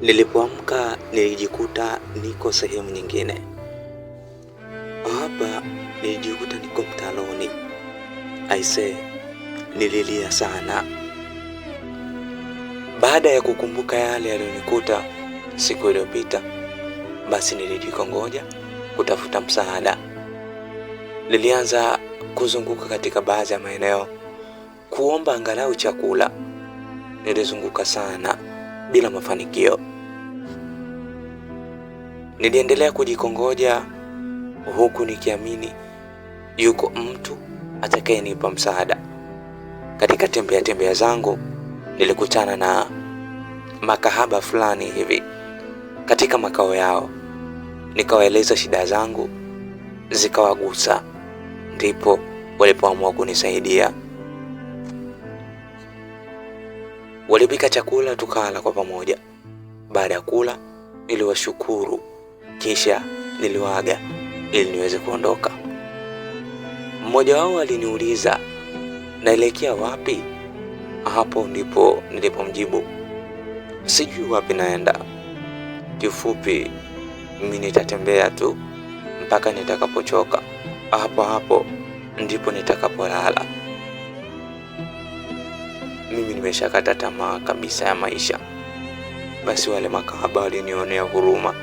Nilipoamka nilijikuta niko sehemu nyingine. Hapa nilijikuta niko mtaloni. Aise, nililia sana baada ya kukumbuka yale yaliyonikuta siku iliyopita. Basi nilijikongoja kutafuta msaada. Nilianza kuzunguka katika baadhi ya maeneo kuomba angalau chakula. Nilizunguka sana bila mafanikio. Niliendelea kujikongoja huku nikiamini yuko mtu atakayenipa msaada. Katika tembea tembea zangu nilikutana na makahaba fulani hivi katika makao yao, nikawaeleza shida zangu, zikawagusa, ndipo walipoamua kunisaidia. Walipika chakula tukala kwa pamoja. Baada ya kula, niliwashukuru kisha niliwaaga ili niweze kuondoka. Mmoja wao aliniuliza naelekea wapi? Hapo ndipo nilipomjibu sijui wapi naenda, kifupi mimi nitatembea tu mpaka nitakapochoka, hapo hapo ndipo nitakapolala. Mimi nimeshakata tamaa kabisa ya maisha. Basi wale makahaba walinionea huruma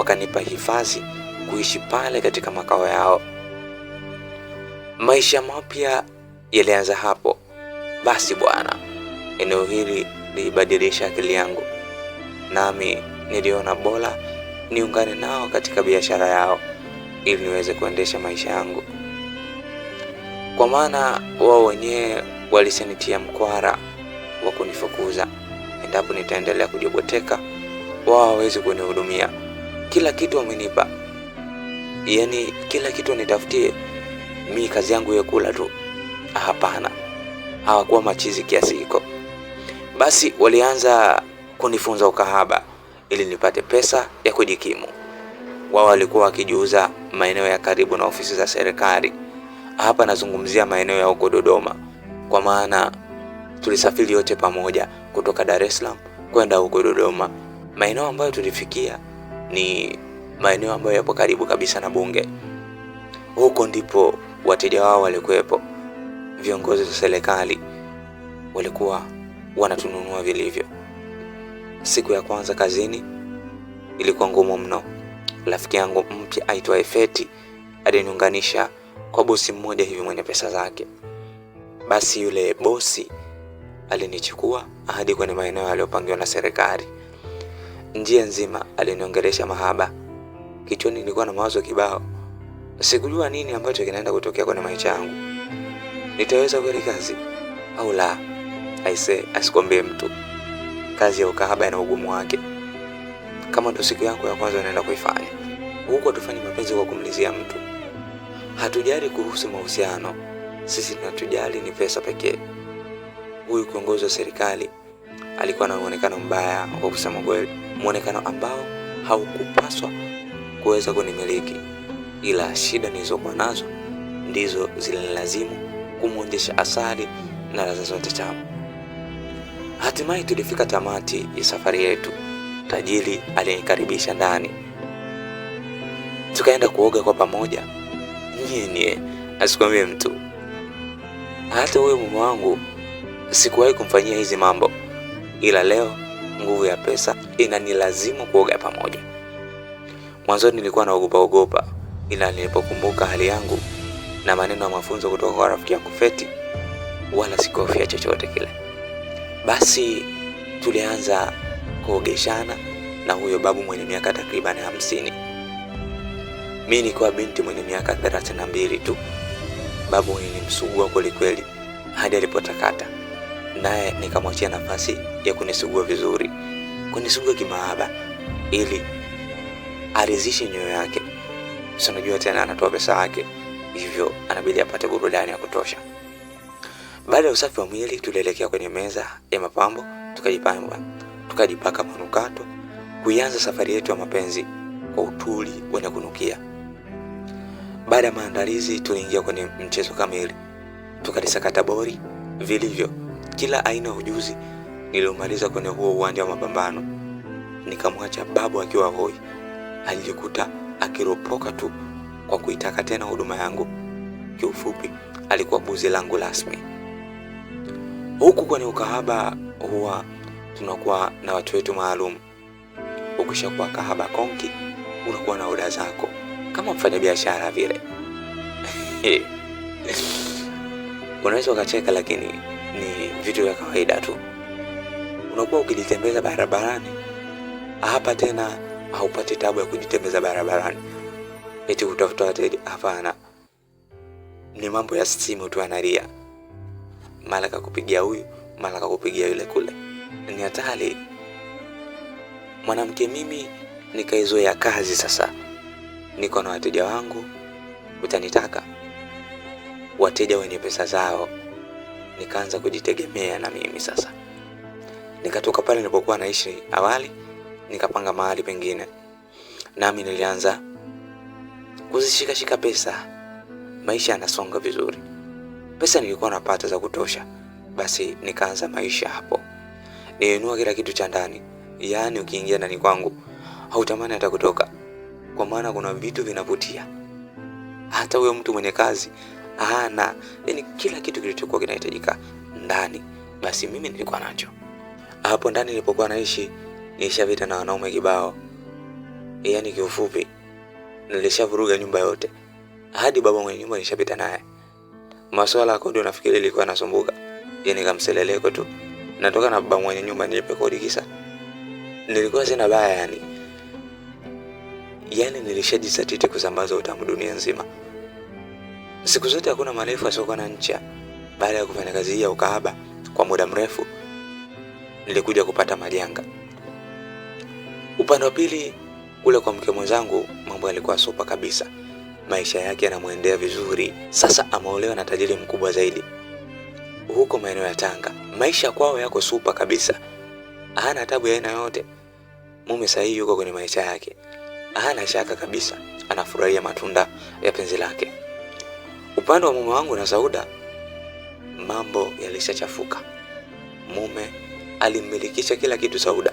wakanipa hifadhi kuishi pale katika makao yao. Maisha mapya yalianza hapo. Basi bwana, eneo hili liibadilisha akili yangu, nami niliona bora niungane nao katika biashara yao ili niweze kuendesha maisha yangu, kwa maana wao wenyewe walisenitia mkwara wa kunifukuza endapo nitaendelea kujiboteka, wao hawawezi kunihudumia kila kitu amenipa, yaani kila kitu anitafutie mi, kazi yangu ya kula tu? Hapana, hawakuwa machizi kiasi hiko. Basi walianza kunifunza ukahaba ili nipate pesa ya kujikimu. Wao walikuwa wakijiuza maeneo ya karibu na ofisi za serikali. Hapa nazungumzia maeneo ya huko Dodoma, kwa maana tulisafiri yote pamoja kutoka Dar es Salaam kwenda huko Dodoma, maeneo ambayo tulifikia ni maeneo ambayo yapo karibu kabisa na bunge. Huko ndipo wateja wao walikuwepo. Viongozi wa serikali walikuwa wanatununua vilivyo. Siku ya kwanza kazini ilikuwa ngumu mno. Rafiki yangu mpya aitwa efeti aliniunganisha kwa bosi mmoja hivi mwenye pesa zake. Basi yule bosi alinichukua hadi kwenye maeneo yaliyopangiwa na serikali. Njia nzima aliniongelesha mahaba. Kichwani nilikuwa na mawazo kibao, sikujua nini ambacho kinaenda kutokea kwenye maisha yangu. Nitaweza kweli kazi au la? Aise, asikwambie mtu. Kazi ya ukahaba ina ugumu wake. Kama ndo siku yako ya kwanza unaenda kuifanya, huku hatufanyi mapenzi kwa kumlizia mtu, hatujali kuhusu mahusiano. Sisi tunachojali ni pesa pekee. Huyu kiongozi wa serikali alikuwa na muonekano mbaya wa kusema kweli, muonekano ambao haukupaswa kuweza kunimiliki, ila shida nilizokuwa nazo ndizo zilinilazimu kumwonjesha asali na ladha zote tamu. Hatimaye tulifika tamati ya safari yetu. Tajiri alinikaribisha ndani, tukaenda kuoga kwa pamoja. Nyie nie, asikwambie mtu, hata huyo mume wangu sikuwahi kumfanyia hizi mambo ila leo nguvu ya pesa inanilazimu kuoga pamoja. Mwanzoni nilikuwa naogopa ogopa, ila nilipokumbuka hali yangu na maneno ya mafunzo kutoka kwa rafiki yangu Feti, wala sikuhofia chochote kile. Basi tulianza kuogeshana na huyo babu mwenye miaka takriban hamsini, mi nikiwa binti mwenye miaka thelathini na mbili tu. Babu ni msugua kwelikweli hadi alipotakata naye nikamwachia nafasi ya kunisugua vizuri, kunisugua kimaaba ili arizishe nyoyo yake. Si unajua tena, anatoa pesa yake, hivyo anabidi apate burudani ya kutosha. Baada ya usafi wa mwili, tulielekea kwenye meza ya mapambo tukajipamba, tukajipaka manukato, kuianza safari yetu ya mapenzi kwa utuli wenye kunukia. Baada ya maandalizi, tuliingia kwenye mchezo kamili, tukalisakata bori vilivyo kila aina ya ujuzi niliomaliza kwenye huo uwanja wa mapambano. Nikamwacha babu akiwa hoi, alijikuta akiropoka tu kwa kuitaka tena huduma yangu. Kiufupi, alikuwa buzi langu rasmi. Huku kwenye ukahaba huwa tunakuwa na watu wetu maalum. Ukishakuwa kahaba konki, unakuwa na oda zako kama mfanyabiashara vile unaweza ukacheka, lakini ni vitu vya kawaida tu. Unakuwa ukijitembeza barabarani hapa, tena haupati tabu ya kujitembeza barabarani eti kutafuta wateja. Hapana, ni mambo ya simu tu, analia mara kakupigia huyu mara kakupigia yule, kule ni hatari mwanamke. Mimi nikaizoea kazi sasa, niko na wateja wangu, utanitaka wateja wenye pesa zao nikaanza kujitegemea na mimi sasa. Nikatoka pale nilipokuwa naishi awali, nikapanga mahali pengine, nami nilianza kuzishikashika pesa. Maisha yanasonga vizuri, pesa nilikuwa napata za kutosha. Basi nikaanza maisha hapo, nilinunua kila kitu cha ndani, yaani ukiingia ndani kwangu hautamani hata kutoka, kwa maana kuna vitu vinavutia. Hata huyo mtu mwenye kazi hana, yani kila kitu kilichokuwa kinahitajika ndani, basi mimi nilikuwa nacho hapo ndani nilipokuwa naishi. nishavita na wanaume kibao, yani kiufupi nilishavuruga nyumba yote, hadi baba mwenye nyumba nishapita naye. Masuala ya kodi unafikiri ilikuwa nasumbuka? Yani kamseleleko tu natoka na baba mwenye nyumba nilipe kodi kisa nilikuwa sina baya yani, yani nilishajisatiti kusambaza utamu dunia nzima. Siku zote hakuna marefu asiokuwa na ncha. Baada ya kufanya kazi hii ya ukahaba kwa muda mrefu, nilikuja kupata majanga. Upande wa pili kule kwa mke mwenzangu, mambo yalikuwa supa kabisa, maisha yake yanamwendea vizuri. Sasa ameolewa na tajiri mkubwa zaidi huko maeneo ya Tanga. Maisha kwao yako supa kabisa, hana tabu ya aina yote. Mume sahihi yuko kwenye maisha yake, hana shaka kabisa, anafurahia matunda ya penzi lake. Upande wa mume wangu na Sauda mambo yalishachafuka. Mume alimmilikisha kila kitu Sauda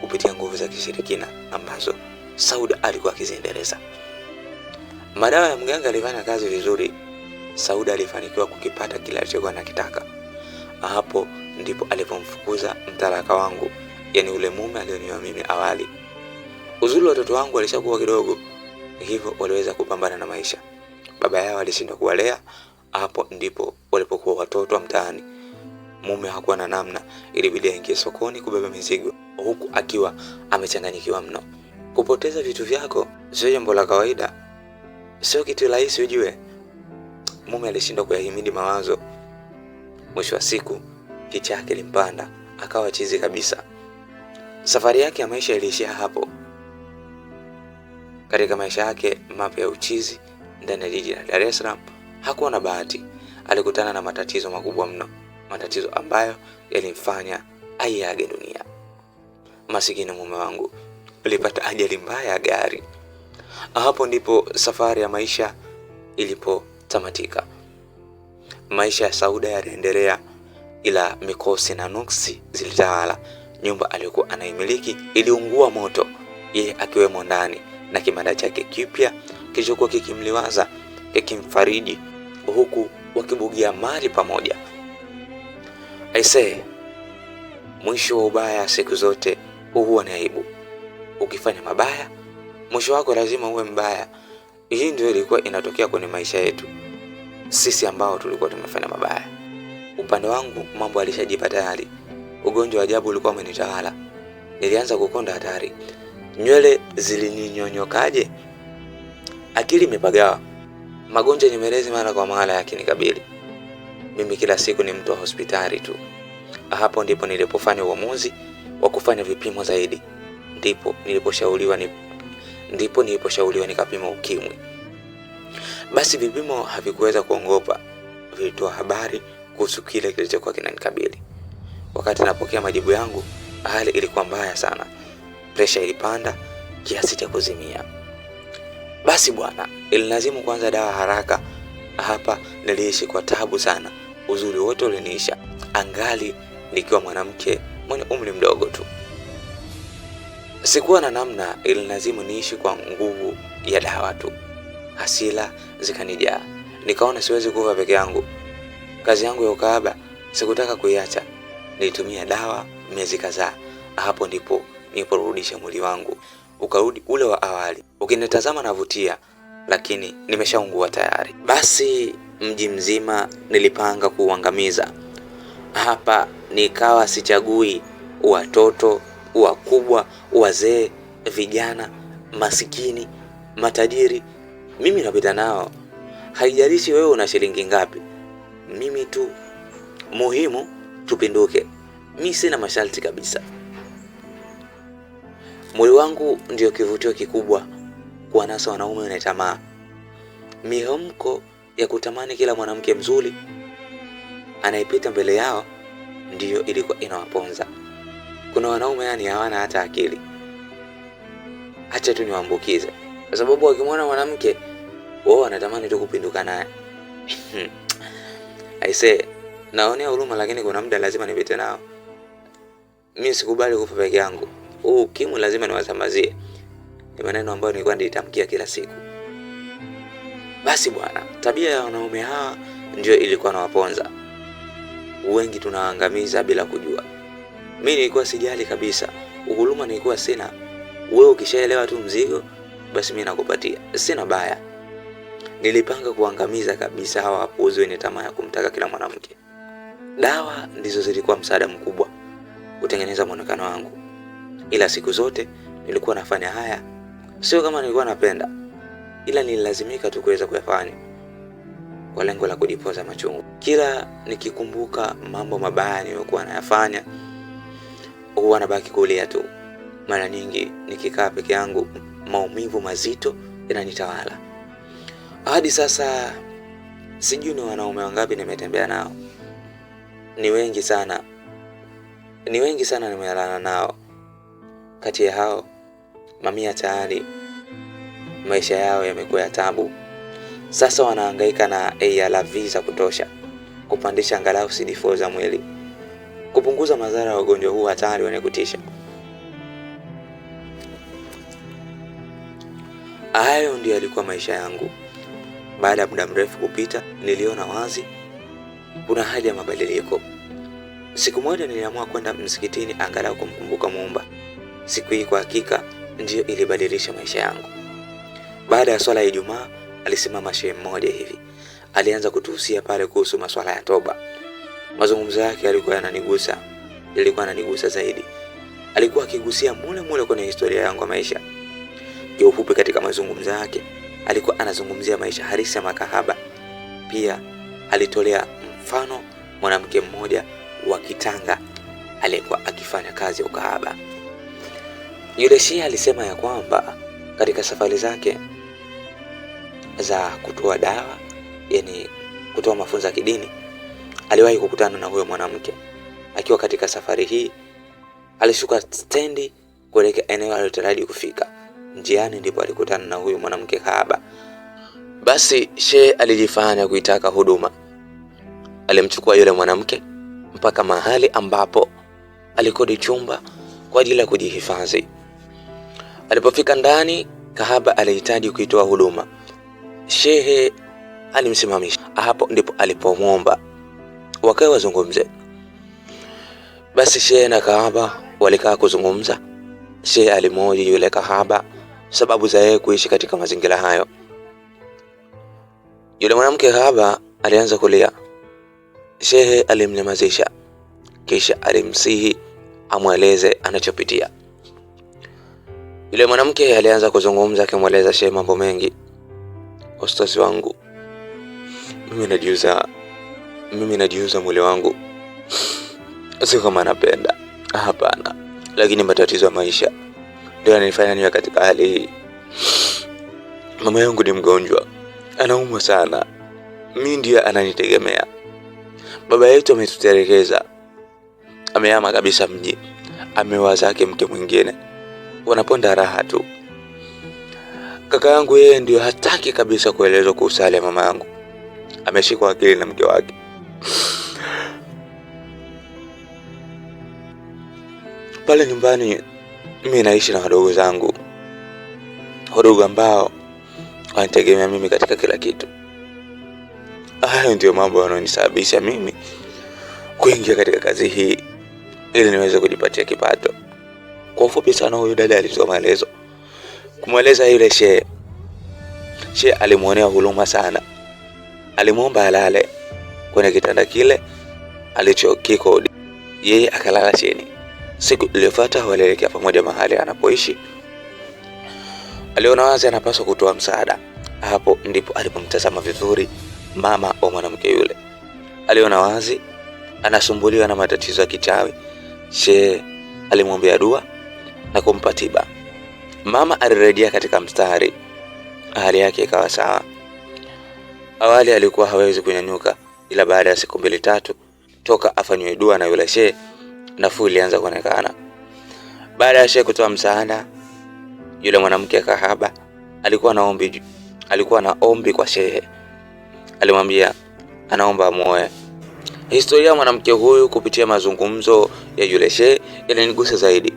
kupitia nguvu za kishirikina ambazo Sauda alikuwa akiziendeleza. Madawa ya mganga alifanya kazi vizuri. Sauda alifanikiwa kukipata kila alichokuwa anakitaka. Hapo ndipo alipomfukuza mtaraka wangu, yani ule mume alioniwa mimi awali. Uzuri wa watoto wangu alishakuwa kidogo, hivyo waliweza kupambana na maisha baba yao alishindwa kuwalea. Hapo ndipo walipokuwa watoto wa mtaani. Mume hakuwa na namna, ilibidi aingie sokoni kubeba mizigo, huku akiwa amechanganyikiwa mno. Kupoteza vitu vyako sio jambo la kawaida, sio kitu rahisi ujue. Mume alishindwa kuyahimidi mawazo. Mwisho wa siku kichaa kilimpanda, akawa chizi kabisa. Safari yake ya maisha iliishia hapo, katika maisha yake mapya ya uchizi ndani ya jiji la Dar es Salaam hakuwa na bahati, alikutana na matatizo makubwa mno, matatizo ambayo yalimfanya aiage dunia. Masikini mume wangu, alipata ajali mbaya ya gari. Hapo ndipo safari ya maisha ilipotamatika. Maisha ya Sauda yaliendelea, ila mikosi na nuksi zilitawala. Nyumba aliyokuwa anaimiliki iliungua moto, yeye akiwemo ndani na kibanda chake kipya kilichokuwa kikimliwaza kikimfariji, huku wakibugia mali pamoja. Aisee, mwisho wa ubaya siku zote huwa ni aibu. Ukifanya mabaya, mwisho wako lazima uwe mbaya. Hii ndio ilikuwa inatokea kwenye maisha yetu sisi ambao tulikuwa tumefanya mabaya. Upande wangu mambo alishajipa tayari. Ugonjwa wa ajabu ulikuwa umenitawala, nilianza kukonda hatari. Nywele zilininyonyokaje? Akili imepagawa, magonjwa nyemelezi mara kwa mara yakinikabili mimi. Kila siku ni mtu wa hospitali tu. Hapo ndipo nilipofanya uamuzi wa kufanya vipimo zaidi, ndipo niliposhauriwa ni ndipo niliposhauriwa nikapima ukimwi. Basi vipimo havikuweza kuongopa, vilitoa habari kuhusu kile kilichokuwa kinanikabili. Wakati napokea majibu yangu, hali ilikuwa mbaya sana, presha ilipanda kiasi cha kuzimia. Basi bwana, ililazimu kwanza dawa haraka. Hapa niliishi kwa tabu sana, uzuri wote uliniisha, angali nikiwa mwanamke mwenye umri mdogo tu. Sikuwa na namna, ililazimu niishi kwa nguvu ya dawa tu. Hasila zikanijaa, nikaona siwezi kufa peke yangu. Kazi yangu ya ukahaba sikutaka kuiacha. Nilitumia dawa miezi kadhaa, hapo ndipo niliporudisha mwili wangu ukarudi ule wa awali. Ukinitazama navutia, lakini nimeshaungua tayari. Basi mji mzima nilipanga kuuangamiza. Hapa nikawa sichagui watoto, wakubwa, wazee, vijana, masikini, matajiri, mimi napita nao. Haijalishi wewe una shilingi ngapi, mimi tu muhimu tupinduke. Mi sina masharti kabisa. Mwili wangu ndio kivutio kikubwa kwa nasa wanaume wenye tamaa, mihemko ya kutamani kila mwanamke mzuri anayepita mbele yao ndiyo ilikuwa inawaponza. Kuna wanaume yani hawana hata akili, acha tu niwaambukize, kwa sababu wakimwona mwanamke wao wanatamani tu kupinduka naye. Aisee, naonea huruma, lakini kuna muda lazima nipite nao. Mimi sikubali kufa peke yangu huu ukimwi lazima niwasambazie. Ni maneno ambayo nilikuwa nilitamkia kila siku. Basi bwana, tabia ya wanaume hawa ndio ilikuwa nawaponza wengi, tunaangamiza bila kujua. Mimi nilikuwa sijali kabisa, uhuluma nilikuwa sina. Wewe ukishaelewa tu mzigo, basi mimi nakupatia, sina baya. Nilipanga kuangamiza kabisa hawa wapuzi wenye tamaa ya kumtaka kila mwanamke. Dawa ndizo zilikuwa msaada mkubwa kutengeneza mwonekano wangu ila siku zote nilikuwa nafanya haya, sio kama nilikuwa napenda, ila nililazimika tu kuweza kuyafanya kwa lengo la kujipoza machungu. Kila nikikumbuka mambo mabaya niliyokuwa nayafanya, huwa nabaki kulia tu. Mara nyingi nikikaa peke yangu, maumivu mazito yananitawala hadi sasa. Sijui ni wanaume wangapi nimetembea nao, ni wengi sana, ni wengi sana nimealana nao kati ya hao mamia tayari maisha yao yamekuwa ya tabu. Sasa wanahangaika na ARV za kutosha kupandisha angalau CD4 za mwili kupunguza madhara ya ugonjwa huu hatari wenye kutisha. Hayo ndio yalikuwa maisha yangu. Baada ya muda mrefu kupita, niliona wazi kuna haja ya mabadiliko. Siku moja niliamua kwenda msikitini angalau kumkumbuka Muumba. Siku hii kwa hakika ndiyo ilibadilisha maisha yangu. Baada ya swala ya Ijumaa alisimama shehe mmoja hivi, alianza kutuhusia pale kuhusu maswala ya toba. Mazungumzo yake yalikuwa yananigusa, yalikuwa yananigusa zaidi. Alikuwa akigusia mule mule kwenye historia yangu ya maisha. ufupi, katika mazungumzo yake alikuwa anazungumzia maisha halisi ya makahaba. Pia alitolea mfano mwanamke mmoja wa Kitanga aliyekuwa akifanya kazi ya ukahaba yule shia alisema ya kwamba katika safari zake za kutoa dawa, yani kutoa mafunzo ya kidini, aliwahi kukutana na huyo mwanamke. Akiwa katika safari hii, alishuka stendi kuelekea eneo alilotaraji kufika. Njiani ndipo alikutana na huyu mwanamke kahaba. Basi she alijifanya kuitaka huduma. Alimchukua yule mwanamke mpaka mahali ambapo alikodi chumba kwa ajili ya kujihifadhi. Alipofika ndani, kahaba alihitaji kuitoa huduma. Shehe alimsimamisha, hapo ndipo alipomwomba wakae wazungumze. Basi shehe na kahaba walikaa kuzungumza. Shehe alimhoji yule kahaba sababu za yeye kuishi katika mazingira hayo. Yule mwanamke kahaba alianza kulia. Shehe alimnyamazisha, kisha alimsihi amweleze anachopitia. Yule mwanamke alianza kuzungumza akimweleza Shehe mambo mengi. Ostasi wangu, mimi najiuza, mimi najiuza mwili wangu, sio kama napenda, hapana, lakini matatizo ya maisha ndio yananifanya niwe katika hali hii. Mama yangu ni mgonjwa, anaumwa sana, mimi ndiye ananitegemea. Baba yetu ametutelekeza, ameama kabisa mji, ameoa zake mke mwingine wanaponda raha tu. Kaka yangu yeye ndiyo hataki kabisa kuelezwa kuhusu hali ya mama yangu, ameshikwa akili na mke wake. Pale nyumbani mimi naishi na wadogo zangu, wadogo ambao wanitegemea mimi katika kila kitu. Hayo ndiyo mambo yanayonisababisha mimi kuingia katika kazi hii ili niweze kujipatia kipato. Kwa ufupi sana, huyu dada alitoa maelezo kumweleza yule shehe. Shehe alimwonea huruma sana, alimwomba alale kwenye kitanda kile alichokikodi yeye, akalala chini. Siku iliyofuata walielekea pamoja mahali anapoishi. Aliona wazi anapaswa kutoa msaada. Hapo ndipo alipomtazama vizuri mama wa mwanamke yule. Aliona wazi anasumbuliwa na matatizo ya kichawi. Shehe alimwombea dua na kumpa tiba. Mama alirejea katika mstari, hali yake ikawa sawa. Awali alikuwa hawezi kunyanyuka, ila baada ya siku mbili tatu toka afanywe dua na yule shehe, nafuu ilianza kuonekana. Baada ya shehe kutoa msaada, yule mwanamke kahaba alikuwa na ombi, alikuwa na ombi kwa shehe. Alimwambia anaomba amuoe. Historia ya mwanamke huyu kupitia mazungumzo ya yule shehe ilinigusa zaidi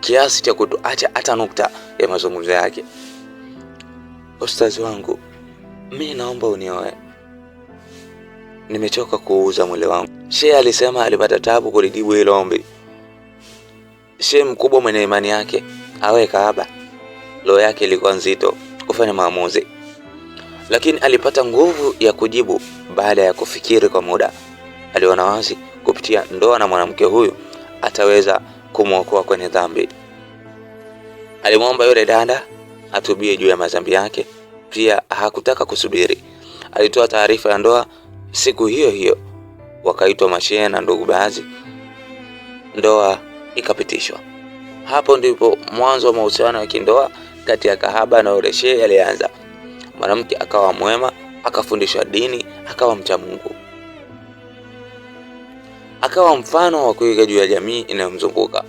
kiasi cha kutoacha hata nukta ya mazungumzo yake. Ustazi wangu, mi naomba unioe, nimechoka kuuza mwili wangu. Shehe alisema alipata tabu kulijibu hilo ombi. Shehe mkubwa mwenye imani yake awe kaaba, roho yake ilikuwa nzito kufanya maamuzi, lakini alipata nguvu ya kujibu baada ya kufikiri kwa muda. Aliona wazi kupitia ndoa na mwanamke huyu ataweza kumwokoa kwenye dhambi. Alimwomba yule dada atubie juu ya madhambi yake, pia hakutaka kusubiri. Alitoa taarifa ya ndoa siku hiyo hiyo, wakaitwa mashehe na ndugu baadhi, ndoa ikapitishwa. Hapo ndipo mwanzo wa mahusiano ya kindoa kati ya kahaba na yule shehe Mwanamke akawa mwema, akafundishwa dini, akawa mcha Mungu akawa mfano wa kuiga juu ya jamii inayomzunguka.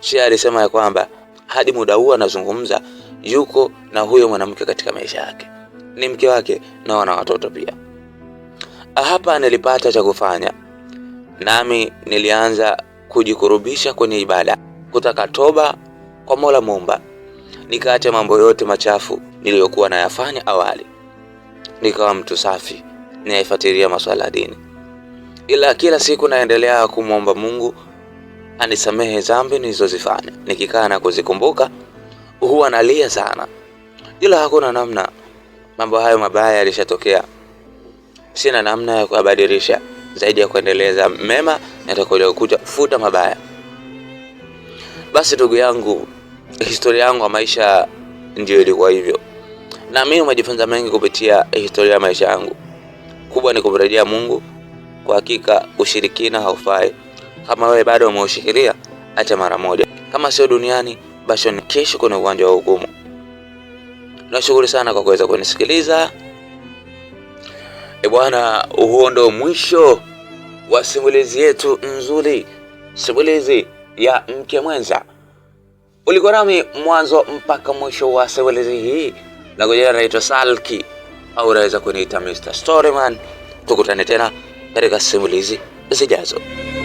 Shia alisema ya kwamba hadi muda huu anazungumza yuko na huyo mwanamke katika maisha yake, ni mke wake na wana watoto pia. Hapa nilipata cha kufanya, nami nilianza kujikurubisha kwenye ibada, kutaka toba kwa Mola Muumba. Nikaacha mambo yote machafu niliyokuwa nayafanya awali, nikawa mtu safi, naifuatilia masuala ya dini ila kila siku naendelea kumwomba Mungu anisamehe dhambi nilizozifanya. Nikikaa na kuzikumbuka huwa nalia sana, ila hakuna namna, mambo hayo mabaya yalishatokea, sina namna ya kuyabadilisha zaidi ya kuendeleza mema kukuja futa mabaya. Basi ndugu yangu, historia yangu ya maisha ndiyo ilikuwa hivyo, na mimi umejifunza mengi kupitia historia ya maisha yangu. Kubwa ni kumrejea Mungu. Kwa hakika ushirikina haufai. Kama wewe bado umeushikilia, acha mara moja, kama sio duniani, basi ni kesho kwenye uwanja wa hukumu. Nashukuru sana kwa kuweza kunisikiliza. E bwana, huo ndo mwisho wa simulizi yetu nzuri, simulizi ya mke mwenza. Ulikuwa nami mwanzo mpaka mwisho wa simulizi hii, na kujana naitwa Salki au unaweza kuniita Mr Storyman. Tukutane tena. ragazzo inglese, brasiliano.